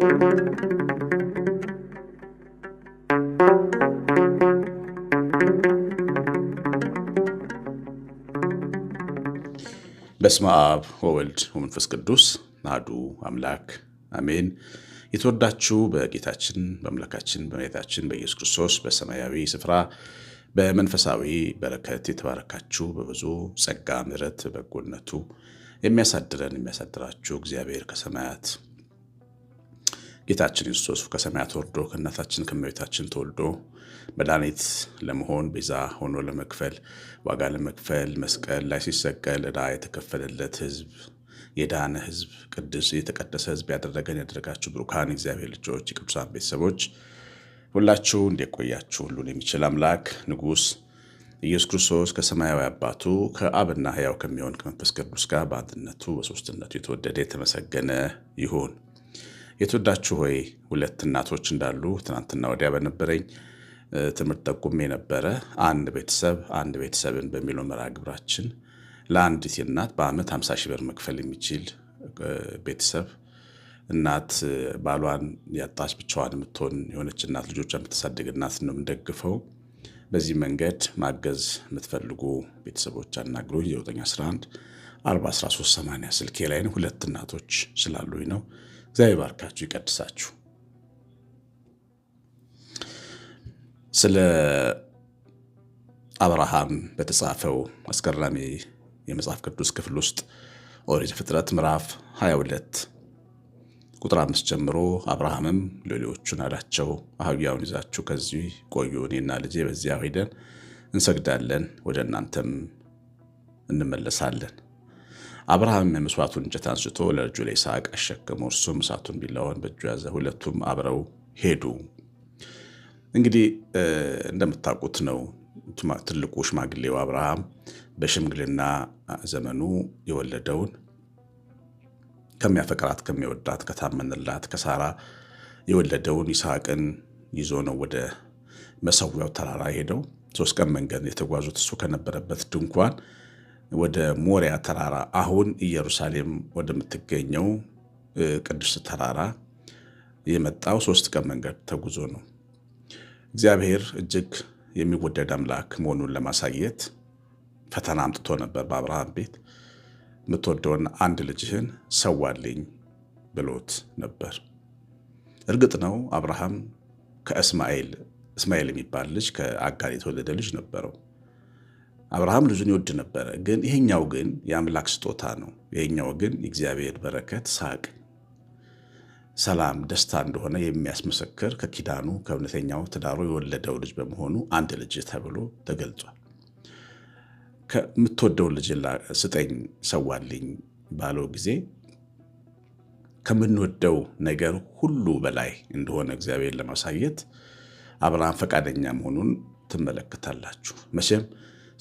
በስመ አብ ወወልድ ወመንፈስ ቅዱስ ናዱ አምላክ አሜን። የተወዳችሁ በጌታችን በአምላካችን በመድኃኒታችን በኢየሱስ ክርስቶስ በሰማያዊ ስፍራ በመንፈሳዊ በረከት የተባረካችሁ በብዙ ጸጋ ምሕረት በጎነቱ የሚያሳድረን የሚያሳድራችሁ እግዚአብሔር ከሰማያት ጌታችን ኢየሱስ ከሰማያት ወርዶ ከእናታችን ከእመቤታችን ተወልዶ መድኃኒት ለመሆን ቤዛ ሆኖ ለመክፈል ዋጋ ለመክፈል መስቀል ላይ ሲሰቀል ዕዳ የተከፈለለት ህዝብ የዳነ ህዝብ ቅዱስ የተቀደሰ ህዝብ ያደረገን ያደረጋችሁ ብሩካን እግዚአብሔር ልጆች የቅዱሳን ቤተሰቦች ሁላችሁ እንደቆያችሁ ሁሉን የሚችል አምላክ ንጉስ ኢየሱስ ክርስቶስ ከሰማያዊ አባቱ ከአብና ህያው ከሚሆን ከመንፈስ ቅዱስ ጋር በአንድነቱ በሶስትነቱ የተወደደ የተመሰገነ ይሁን። የተወዳችሁ ሆይ ሁለት እናቶች እንዳሉ ትናንትና ወዲያ በነበረኝ ትምህርት ጠቁሜ ነበረ። አንድ ቤተሰብ አንድ ቤተሰብን በሚለው መርሃ ግብራችን ለአንዲት እናት በዓመት 50 ሺህ ብር መክፈል የሚችል ቤተሰብ እናት ባሏን ያጣች ብቻዋን የምትሆን የሆነች እናት ልጆቿን የምታሳድግ እናት ነው የምንደግፈው። በዚህ መንገድ ማገዝ የምትፈልጉ ቤተሰቦች አናግሩኝ። 911 41380 ስልኬ ላይ ሁለት እናቶች ስላሉኝ ነው። እግዚአብሔር ባርካችሁ ይቀድሳችሁ። ስለ አብርሃም በተጻፈው አስገራሚ የመጽሐፍ ቅዱስ ክፍል ውስጥ ኦሪት ፍጥረት ምዕራፍ 22 ቁጥር አምስት ጀምሮ አብርሃምም ሎሌዎቹን አላቸው፣ አህያውን ይዛችሁ ከዚህ ቆዩ፣ እኔና ልጄ በዚያ ሄደን እንሰግዳለን፣ ወደ እናንተም እንመለሳለን። አብርሃም የመስዋዕቱን እንጨት አንስቶ ለልጁ ለይስሐቅ አሸክሞ እርሱም እሳቱን ቢላውን በእጁ ያዘ። ሁለቱም አብረው ሄዱ። እንግዲህ እንደምታውቁት ነው ትልቁ ሽማግሌው አብርሃም በሽምግልና ዘመኑ የወለደውን ከሚያፈቅራት ከሚወዳት ከታመንላት ከሳራ የወለደውን ይስሐቅን ይዞ ነው ወደ መሰዊያው ተራራ ሄደው ሶስት ቀን መንገድ የተጓዙት እሱ ከነበረበት ድንኳን ወደ ሞሪያ ተራራ አሁን ኢየሩሳሌም ወደምትገኘው ቅዱስ ተራራ የመጣው ሶስት ቀን መንገድ ተጉዞ ነው። እግዚአብሔር እጅግ የሚወደድ አምላክ መሆኑን ለማሳየት ፈተና አምጥቶ ነበር። በአብርሃም ቤት የምትወደውን አንድ ልጅህን ሰዋልኝ ብሎት ነበር። እርግጥ ነው አብርሃም ከእስማኤል እስማኤል የሚባል ልጅ ከአጋር የተወለደ ልጅ ነበረው። አብርሃም ልጁን ይወድ ነበረ፣ ግን ይሄኛው ግን የአምላክ ስጦታ ነው። ይሄኛው ግን የእግዚአብሔር በረከት፣ ሳቅ፣ ሰላም፣ ደስታ እንደሆነ የሚያስመሰክር ከኪዳኑ ከእውነተኛው ትዳሩ የወለደው ልጅ በመሆኑ አንድ ልጅ ተብሎ ተገልጿል። ከምትወደው ልጅ ስጠኝ ሰዋልኝ ባለው ጊዜ ከምንወደው ነገር ሁሉ በላይ እንደሆነ እግዚአብሔር ለማሳየት አብርሃም ፈቃደኛ መሆኑን ትመለከታላችሁ መቼም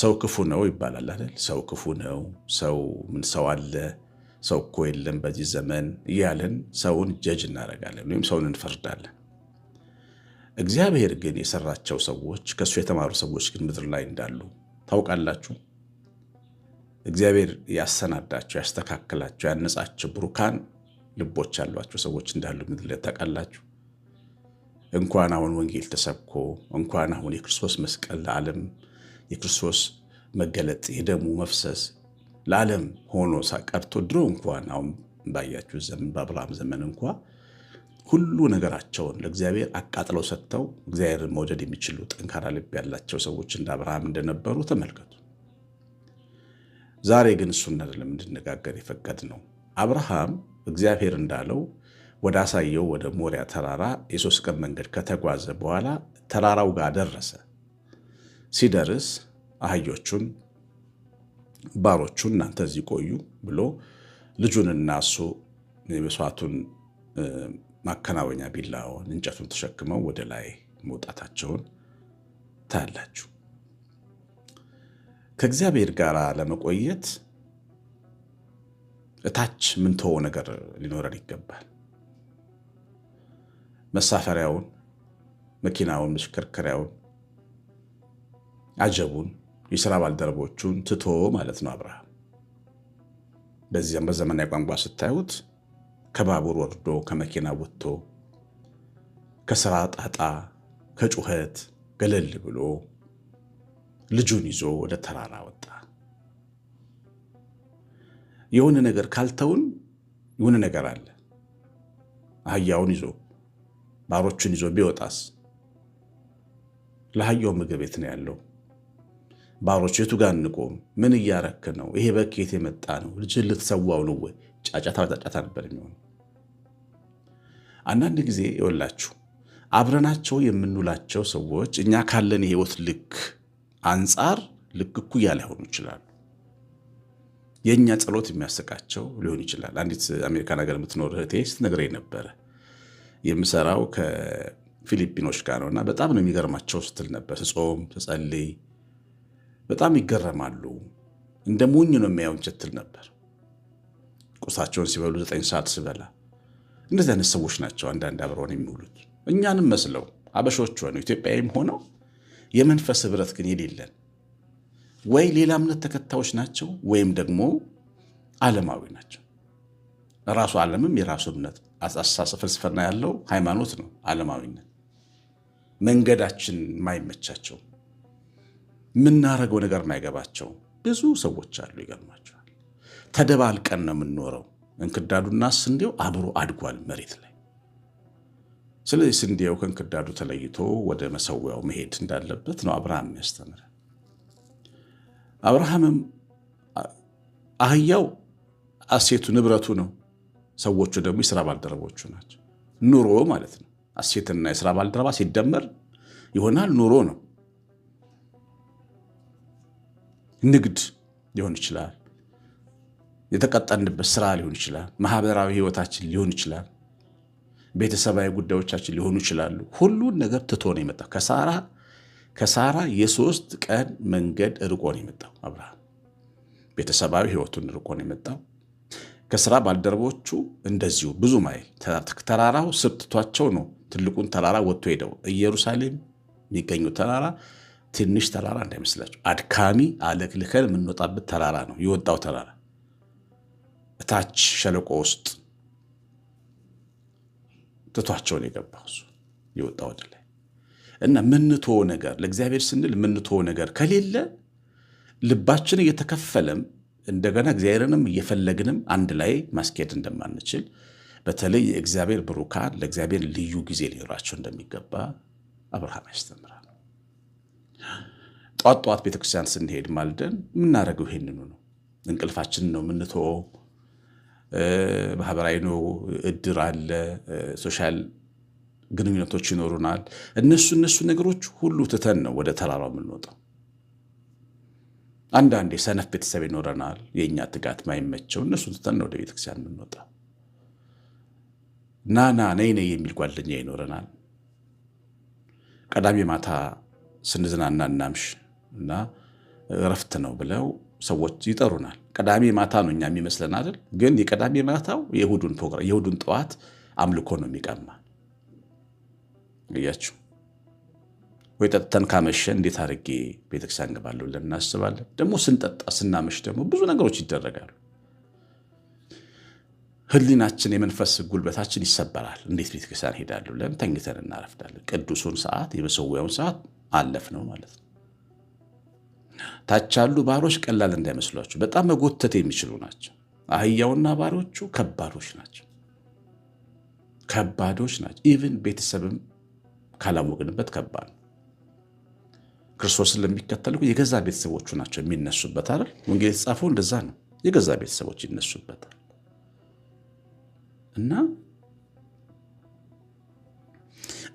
ሰው ክፉ ነው ይባላል አይደል? ሰው ክፉ ነው፣ ሰው ምን ሰው አለ፣ ሰው እኮ የለም በዚህ ዘመን እያለን ሰውን ጀጅ እናደርጋለን ወይም ሰውን እንፈርዳለን። እግዚአብሔር ግን የሰራቸው ሰዎች ከእሱ የተማሩ ሰዎች ግን ምድር ላይ እንዳሉ ታውቃላችሁ። እግዚአብሔር ያሰናዳቸው፣ ያስተካከላቸው፣ ያነጻቸው ብሩካን ልቦች ያሏቸው ሰዎች እንዳሉ ምድር ላይ ታውቃላችሁ። እንኳን አሁን ወንጌል ተሰብኮ እንኳን አሁን የክርስቶስ መስቀል ለዓለም የክርስቶስ መገለጥ የደሙ መፍሰስ ለዓለም ሆኖ ቀርቶ ድሮ እንኳን አሁን ባያችሁ ዘመን በአብርሃም ዘመን እንኳ ሁሉ ነገራቸውን ለእግዚአብሔር አቃጥለው ሰጥተው እግዚአብሔርን መውደድ የሚችሉ ጠንካራ ልብ ያላቸው ሰዎች እንደ አብርሃም እንደነበሩ ተመልከቱ። ዛሬ ግን እሱን አይደለም እንድነጋገር የፈቀድ ነው። አብርሃም እግዚአብሔር እንዳለው ወደ አሳየው ወደ ሞሪያ ተራራ የሶስት ቀን መንገድ ከተጓዘ በኋላ ተራራው ጋር ደረሰ። ሲደርስ አህዮቹን፣ ባሮቹን እናንተ እዚህ ቆዩ ብሎ ልጁንና እሱ የመስዋዕቱን ማከናወኛ ቢላውን እንጨቱን ተሸክመው ወደ ላይ መውጣታቸውን ታያላችሁ። ከእግዚአብሔር ጋር ለመቆየት እታች ምንተወ ነገር ሊኖረን ይገባል። መሳፈሪያውን፣ መኪናውን፣ መሽከርከሪያውን አጀቡን የስራ ባልደረቦቹን ትቶ ማለት ነው አብርሃም። በዚያም በዘመናዊ ቋንቋ ስታዩት ከባቡር ወርዶ ከመኪና ወጥቶ ከስራ ጣጣ ከጩኸት ገለል ብሎ ልጁን ይዞ ወደ ተራራ ወጣ። የሆነ ነገር ካልተውን የሆነ ነገር አለ። አህያውን ይዞ ባሮቹን ይዞ ቢወጣስ ለአህያው ምግብ የት ነው ያለው? ባሮች የቱ ጋር እንቆም? ምን እያረክ ነው? ይሄ በኬት የመጣ ነው? ልጅህን ልትሰዋው ነው ወይ? ጫጫታ በጫጫታ ነበር የሚሆነው። አንዳንድ ጊዜ ይወላችሁ አብረናቸው የምንውላቸው ሰዎች እኛ ካለን የህይወት ልክ አንጻር ልክ እኩያ ላይሆኑ ይችላሉ። የእኛ ጸሎት የሚያሰቃቸው ሊሆን ይችላል። አንዲት አሜሪካን ሀገር የምትኖር እህቴ ስትነግረኝ ነበረ የምሰራው ከፊሊፒኖች ጋር ነው እና በጣም ነው የሚገርማቸው ስትል ነበር ስጾም ስጸልይ በጣም ይገረማሉ። እንደ ሞኝ ነው የሚያዩን ስትል ነበር። ቁሳቸውን ሲበሉ ዘጠኝ ሰዓት ስበላ እንደዚህ አይነት ሰዎች ናቸው አንዳንድ አብረውን የሚውሉት እኛንም መስለው አበሾች ሆነው ኢትዮጵያዊም ሆነው የመንፈስ ህብረት ግን የሌለን ወይ ሌላ እምነት ተከታዮች ናቸው ወይም ደግሞ ዓለማዊ ናቸው። ራሱ ዓለምም የራሱ እምነት አስተሳሰብ፣ ፍልስፍና ያለው ሃይማኖት ነው። ዓለማዊነት መንገዳችን ማይመቻቸው የምናደርገው ነገር የማይገባቸው ብዙ ሰዎች አሉ። ይገርማቸዋል። ተደባልቀን ነው የምንኖረው። እንክዳዱና ስንዴው አብሮ አድጓል መሬት ላይ። ስለዚህ ስንዴው ከእንክዳዱ ተለይቶ ወደ መሰዊያው መሄድ እንዳለበት ነው አብርሃም ያስተምረ። አብርሃምም አህያው አሴቱ ንብረቱ ነው፣ ሰዎቹ ደግሞ የስራ ባልደረቦቹ ናቸው። ኑሮ ማለት ነው። አሴትና የስራ ባልደረባ ሲደመር ይሆናል ኑሮ ነው። ንግድ ሊሆን ይችላል። የተቀጠልንበት ስራ ሊሆን ይችላል። ማህበራዊ ህይወታችን ሊሆን ይችላል። ቤተሰባዊ ጉዳዮቻችን ሊሆኑ ይችላሉ። ሁሉን ነገር ትቶ ነው የመጣው። ከሳራ ከሳራ የሶስት ቀን መንገድ ርቆ ነው የመጣው አብርሃም። ቤተሰባዊ ህይወቱን ርቆ ነው የመጣው። ከስራ ባልደረቦቹ እንደዚሁ ብዙ ማይል ተራራው ስብትቷቸው ነው ትልቁን ተራራ ወጥቶ ሄደው ኢየሩሳሌም የሚገኙ ተራራ ትንሽ ተራራ እንዳይመስላችሁ። አድካሚ አለክልከን የምንወጣበት ተራራ ነው። የወጣው ተራራ እታች ሸለቆ ውስጥ ትቷቸውን የገባው እሱ የወጣ ወደ ላይ እና ምንቶ ነገር ለእግዚአብሔር ስንል ምንቶ ነገር ከሌለ ልባችን እየተከፈለም እንደገና እግዚአብሔርንም እየፈለግንም አንድ ላይ ማስኬድ እንደማንችል በተለይ የእግዚአብሔር ብሩካን ለእግዚአብሔር ልዩ ጊዜ ሊኖራቸው እንደሚገባ አብርሃም ያስተምራል። ጧት ጧት ቤተክርስቲያን ስንሄድ ማልደን የምናደርገው ይሄንኑ ነው። እንቅልፋችንን ነው ምንቶ ማህበራዊ ነው፣ እድር አለ፣ ሶሻል ግንኙነቶች ይኖሩናል። እነሱ እነሱ ነገሮች ሁሉ ትተን ነው ወደ ተራራው የምንወጣው። አንዳንድ የሰነፍ ቤተሰብ ይኖረናል፣ የእኛ ትጋት ማይመቸው፣ እነሱን ትተን ነው ወደ ቤተክርስቲያን የምንወጣው። ና ና ነይ ነይ የሚል ጓደኛ ይኖረናል። ቀዳሚ ማታ ስንዝናና እናምሽ እና እረፍት ነው ብለው ሰዎች ይጠሩናል። ቅዳሜ ማታ ነው እኛ የሚመስለን አይደል? ግን የቅዳሜ ማታው የሁዱን ፕሮግራም ጠዋት አምልኮ ነው የሚቀማ። እያችሁ ወይ ጠጥተን ካመሸ እንዴት አድርጌ ቤተክርስቲያን ገባለሁ ብለን እናስባለን። ደግሞ ስንጠጣ ስናመሽ ደግሞ ብዙ ነገሮች ይደረጋሉ። ህሊናችን የመንፈስ ጉልበታችን ይሰበራል። እንዴት ቤተክርስቲያን ሄዳለሁ ብለን ተኝተን እናረፍዳለን። ቅዱሱን ሰዓት የመሰዊያውን ሰዓት አለፍ ነው ማለት ነው። ታች ያሉ ባሮች ቀላል እንዳይመስሏቸው በጣም መጎተት የሚችሉ ናቸው። አህያውና ባሮቹ ከባዶች ናቸው፣ ከባዶች ናቸው። ኢቭን ቤተሰብም ካላወቅንበት ከባድ ነው። ክርስቶስን ለሚከተል የገዛ ቤተሰቦቹ ናቸው የሚነሱበት አይደል? ወንጌል የተጻፈው እንደዛ ነው። የገዛ ቤተሰቦች ይነሱበታል እና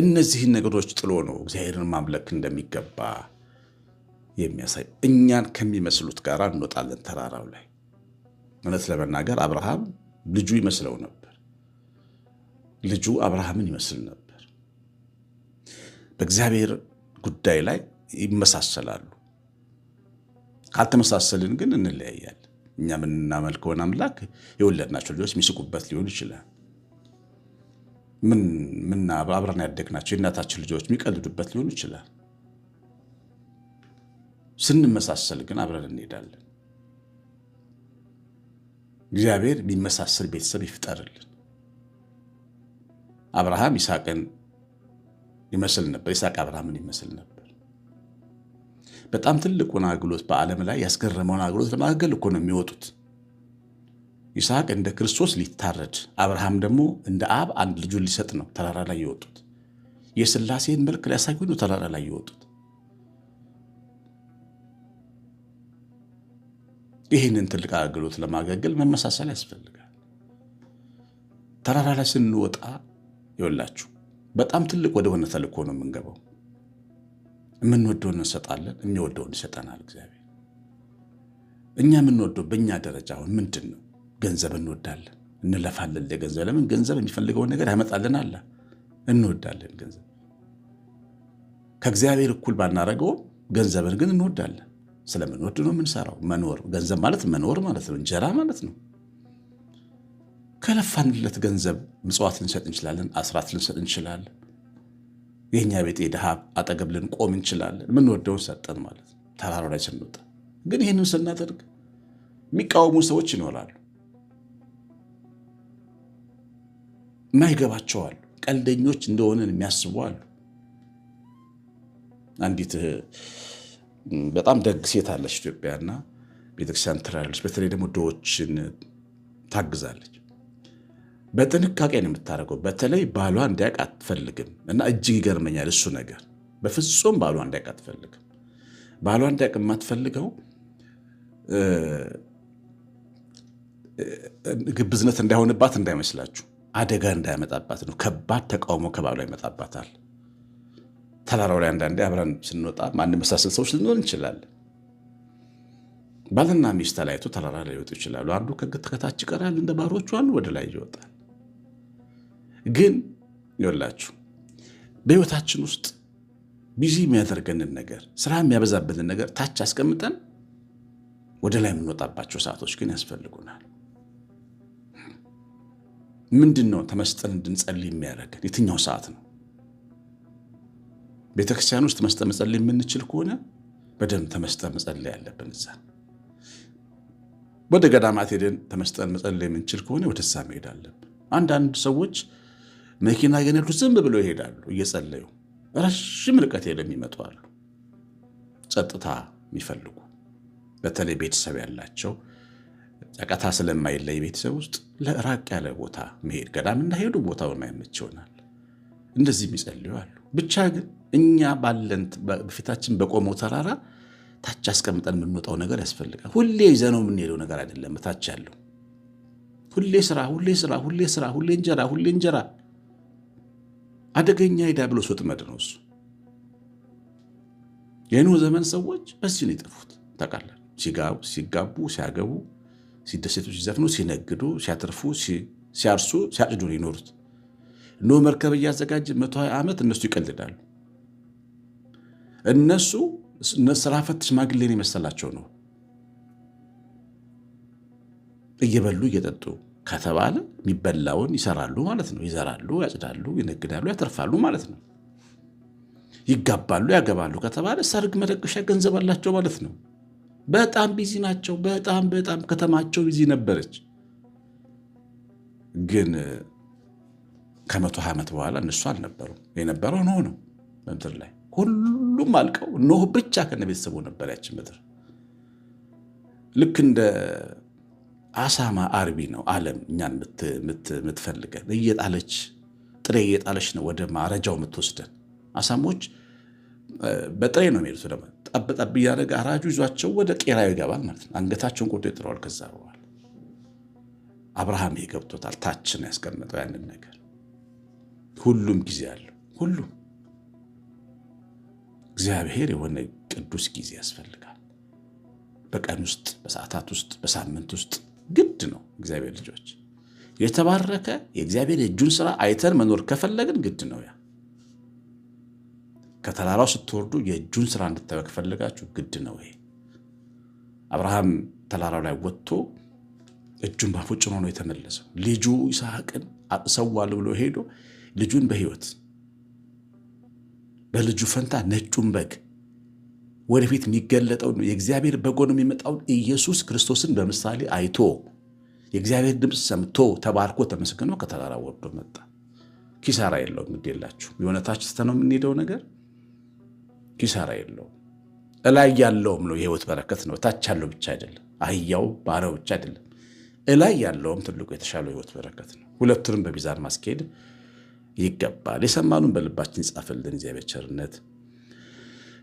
እነዚህን ነገሮች ጥሎ ነው እግዚአብሔርን ማምለክ እንደሚገባ የሚያሳይ እኛን ከሚመስሉት ጋር እንወጣለን። ተራራው ላይ እውነት ለመናገር አብርሃም ልጁ ይመስለው ነበር። ልጁ አብርሃምን ይመስል ነበር። በእግዚአብሔር ጉዳይ ላይ ይመሳሰላሉ። ካልተመሳሰልን ግን እንለያያለን። እኛ የምናመልከውን አምላክ የወለድናቸው ልጆች የሚስቁበት ሊሆን ይችላል። ምን አብረን ያደግናቸው የእናታችን ልጆች የሚቀልዱበት ሊሆን ይችላል። ስንመሳሰል ግን አብረን እንሄዳለን። እግዚአብሔር የሚመሳሰል ቤተሰብ ይፍጠርልን። አብርሃም ይስሐቅን ይመስል ነበር፣ ይስሐቅ አብርሃምን ይመስል ነበር። በጣም ትልቁን አገልግሎት በዓለም ላይ ያስገረመውን አገልግሎት ለማገልገል እኮ ነው የሚወጡት። ይስሐቅ እንደ ክርስቶስ ሊታረድ፣ አብርሃም ደግሞ እንደ አብ አንድ ልጁን ሊሰጥ ነው ተራራ ላይ የወጡት። የስላሴን መልክ ሊያሳዩ ነው ተራራ ላይ የወጡት። ይህንን ትልቅ አገልግሎት ለማገልገል መመሳሰል ያስፈልጋል። ተራራ ላይ ስንወጣ ይወላችሁ በጣም ትልቅ ወደሆነ ተልእኮ ነው የምንገባው። የምንወደውን እንሰጣለን፣ የሚወደውን ይሰጠናል እግዚአብሔር። እኛ የምንወደው በእኛ ደረጃ አሁን ምንድን ነው? ገንዘብ እንወዳለን፣ እንለፋለን ለገንዘብ። ለምን ገንዘብ የሚፈልገውን ነገር ያመጣልን አለ። እንወዳለን ገንዘብ ከእግዚአብሔር እኩል ባናረገውም ገንዘብን ግን እንወዳለን። ስለምንወድ ነው የምንሰራው። መኖር ገንዘብ ማለት መኖር ማለት ነው፣ እንጀራ ማለት ነው። ከለፋንለት ገንዘብ ምጽዋት ልንሰጥ እንችላለን፣ አስራት ልንሰጥ እንችላለን። የእኛ ቤት ድሃ አጠገብ ልንቆም እንችላለን። የምንወደውን ሰጠን ማለት ተራራ ላይ ስንወጣ ግን ይህንን ስናደርግ የሚቃወሙ ሰዎች ይኖራሉ። አሉ ቀልደኞች እንደሆነ የሚያስቡ አሉ። አንዲት በጣም ደግ ሴት አለች ኢትዮጵያና ቤተክርስቲያን ትራሉች በተለይ ደግሞ ድሆችን ታግዛለች። በጥንቃቄ ነው የምታደርገው። በተለይ ባሏ እንዲያውቅ አትፈልግም እና እጅግ ይገርመኛል እሱ ነገር። በፍጹም ባሏ እንዲያውቅ አትፈልግም። ባሏ እንዲያውቅ የማትፈልገው ግብዝነት እንዳይሆንባት እንዳይመስላችሁ አደጋ እንዳያመጣባት ነው። ከባድ ተቃውሞ ላይ ይመጣባታል። ተራራው ላይ አንዳንዴ አብረን ስንወጣ መሳሰል ሰዎች ልንሆን እንችላለን። ባልና ሚስት ተለያይቶ ተራራ ላይ ይወጡ ይችላሉ። አንዱ ከታች ይቀራል እንደ ባሮቹ፣ አንዱ ወደ ላይ ይወጣል። ግን ይወላችሁ በህይወታችን ውስጥ ቢዚ የሚያደርገንን ነገር፣ ስራ የሚያበዛብንን ነገር ታች አስቀምጠን ወደ ላይ የምንወጣባቸው ሰዓቶች ግን ያስፈልጉናል። ምንድን ነው ተመስጠን እንድንጸልይ የሚያደርገን? የትኛው ሰዓት ነው? ቤተክርስቲያን ውስጥ ተመስጠን መጸለይ የምንችል ከሆነ በደንብ ተመስጠን መጸለይ ያለብን እዛ። ወደ ገዳማት ሄደን ተመስጠን መጸለይ የምንችል ከሆነ ወደዛ መሄድ አለብን። አንዳንድ ሰዎች መኪና የነዱ ዝም ብለው ይሄዳሉ እየጸለዩ ረዥም ርቀት ሄደው የሚመጡ አሉ። ጸጥታ የሚፈልጉ በተለይ ቤተሰብ ያላቸው ጨቀታ ስለማይለይ ቤተሰብ ውስጥ ለራቅ ያለ ቦታ መሄድ ገዳም እንዳሄዱ ቦታ የማይመች ይሆናል። እንደዚህ የሚጸልዩ አሉ። ብቻ ግን እኛ ባለን በፊታችን በቆመው ተራራ ታች አስቀምጠን የምንወጣው ነገር ያስፈልጋል። ሁሌ ይዘነው የምንሄደው ነገር አይደለም። ታች ያለው ሁሌ ስራ፣ ሁሌ ስራ፣ ሁሌ ስራ፣ ሁሌ እንጀራ፣ ሁሌ እንጀራ አደገኛ የዲያብሎስ ወጥመድ ነው እሱ። የኖህ ዘመን ሰዎች በዚህ ነው የጠፉት። ታውቃለህ፣ ሲጋቡ ሲጋቡ ሲያገቡ ሲደሰቱ፣ ሲዘፍኑ፣ ሲነግዱ፣ ሲያተርፉ፣ ሲያርሱ፣ ሲያጭዱ ነው የኖሩት። ኖህ መርከብ እያዘጋጀ መቶ ዓመት እነሱ ይቀልዳሉ። እነሱ ስራ ፈት ሽማግሌን የመሰላቸው ነው። እየበሉ እየጠጡ ከተባለ የሚበላውን ይሰራሉ ማለት ነው። ይዘራሉ፣ ያጭዳሉ፣ ይነግዳሉ፣ ያተርፋሉ ማለት ነው። ይጋባሉ፣ ያገባሉ ከተባለ ሰርግ መደገሻ ገንዘብ አላቸው ማለት ነው። በጣም ቢዚ ናቸው። በጣም በጣም ከተማቸው ቢዚ ነበረች። ግን ከመቶ ዓመት በኋላ እነሱ አልነበሩም። የነበረው ኖህ ነው በምድር ላይ ሁሉም አልቀው ኖህ ብቻ ከነ ቤተሰቡ ነበር ያችን ምድር። ልክ እንደ አሳማ አርቢ ነው ዓለም እኛን የምትፈልገን እየጣለች ጥሬ እየጣለች ነው ወደ ማረጃው የምትወስደን። አሳሞች በጥሬ ነው የሚሄዱት ጠብጠብ እያደረገ አራጁ ይዟቸው ወደ ቄራ ይገባል ማለት ነው። አንገታቸውን ቁርጦ ይጥለዋል። ከዛ በኋላ አብርሃም ገብቶታል። ታች ያስቀምጠው ያንን ነገር። ሁሉም ጊዜ አለው። ሁሉም እግዚአብሔር የሆነ ቅዱስ ጊዜ ያስፈልጋል። በቀን ውስጥ፣ በሰዓታት ውስጥ፣ በሳምንት ውስጥ ግድ ነው። እግዚአብሔር ልጆች የተባረከ የእግዚአብሔር የእጁን ስራ አይተን መኖር ከፈለግን ግድ ነው ያ ከተራራው ስትወርዱ የእጁን ስራ እንድታዩ ከፈለጋችሁ ግድ ነው ይሄ። አብርሃም ተራራው ላይ ወጥቶ እጁን ባፉጭኖ ነው የተመለሰው። ልጁ ይስሐቅን አጥሰዋል ብሎ ሄዶ ልጁን በህይወት በልጁ ፈንታ ነጩን በግ ወደፊት የሚገለጠው የእግዚአብሔር በጎን የሚመጣውን ኢየሱስ ክርስቶስን በምሳሌ አይቶ የእግዚአብሔር ድምፅ ሰምቶ ተባርኮ ተመስግኖ ከተራራ ወርዶ መጣ። ኪሳራ የለውም። ግድ የላችሁ የሆነታች ስተነው የምንሄደው ነገር ኪሳራ የለውም። እላይ ያለውም ነው የህይወት በረከት ነው። ታች ያለው ብቻ አይደለም፣ አህያው ባሪያው ብቻ አይደለም። እላይ ያለውም ትልቁ የተሻለው ህይወት በረከት ነው። ሁለቱንም በሚዛን ማስኬድ ይገባል። የሰማኑን በልባችን ይጻፍልን። እግዚአብሔር ቸርነት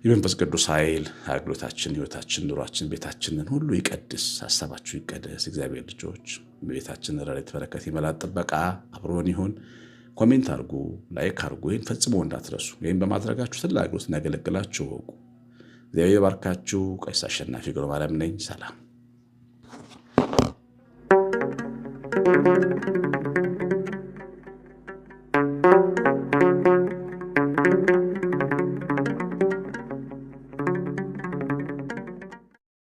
የመንፈስ ቅዱስ ኃይል አገልግሎታችን፣ ህይወታችን፣ ኑሯችን፣ ቤታችንን ሁሉ ይቀድስ። ሀሳባችሁ ይቀደስ። እግዚአብሔር ልጆች ቤታችን ረድኤት በረከት ይመላል። ጥበቃ አብሮን ይሁን። ኮሜንት አድርጎ ላይክ አድርጎ ይህን ፈጽሞ እንዳትረሱ። ይህም በማድረጋችሁ ትልቅ አገልግሎት እንዳገለግላችሁ እወቁ። እግዚአብሔር ባርካችሁ። ቀሲስ አሸናፊ ግርማ ማርያም ነኝ። ሰላም